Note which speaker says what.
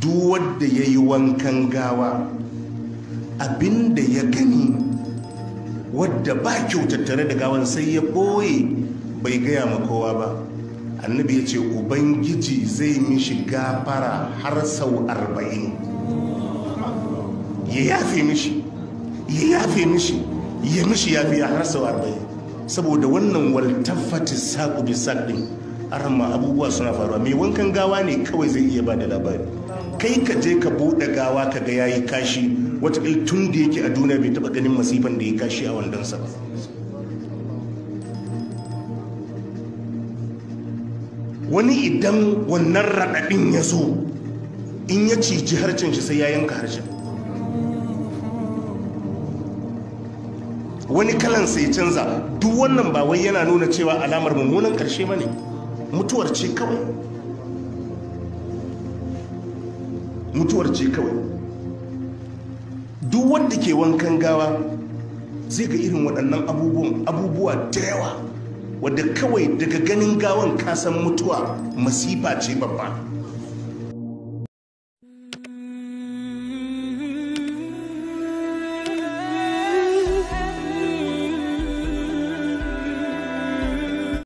Speaker 1: duk wanda ya yi wankan gawa abinda ya gani wadda ba kyautattare da gawan sai ya ɓoye bai gaya ma kowa ba annabi ya ce ubangiji zai mishi gafara har sau arba'in ya yafe mishi ya yafe mishi ya mishi yafe har sau arba'in saboda wannan waltaffati saƙo bisa ɗin arma abubuwa suna faruwa mai wankan gawa ne kawai zai iya ba da labari kai ka je ka buɗe gawa ka ga yayi kashi wata tun da yake a duniya bai taɓa ganin masifan da ya kashi a wandonsa ba wani idan wannan raɗaɗin ya zo in ya ciji harcin shi sai ya yanka harshen wani kalan sai canza duk wannan ba wai yana nuna cewa alamar mummunan ƙarshe ba ne mutuwar ce kawai mutuwar ce kawai duk wanda ke wankan gawa zai ga irin waɗannan abubuwan abubuwa da yawa wadda kawai daga ganin gawan kasan mutuwa masifa ce babba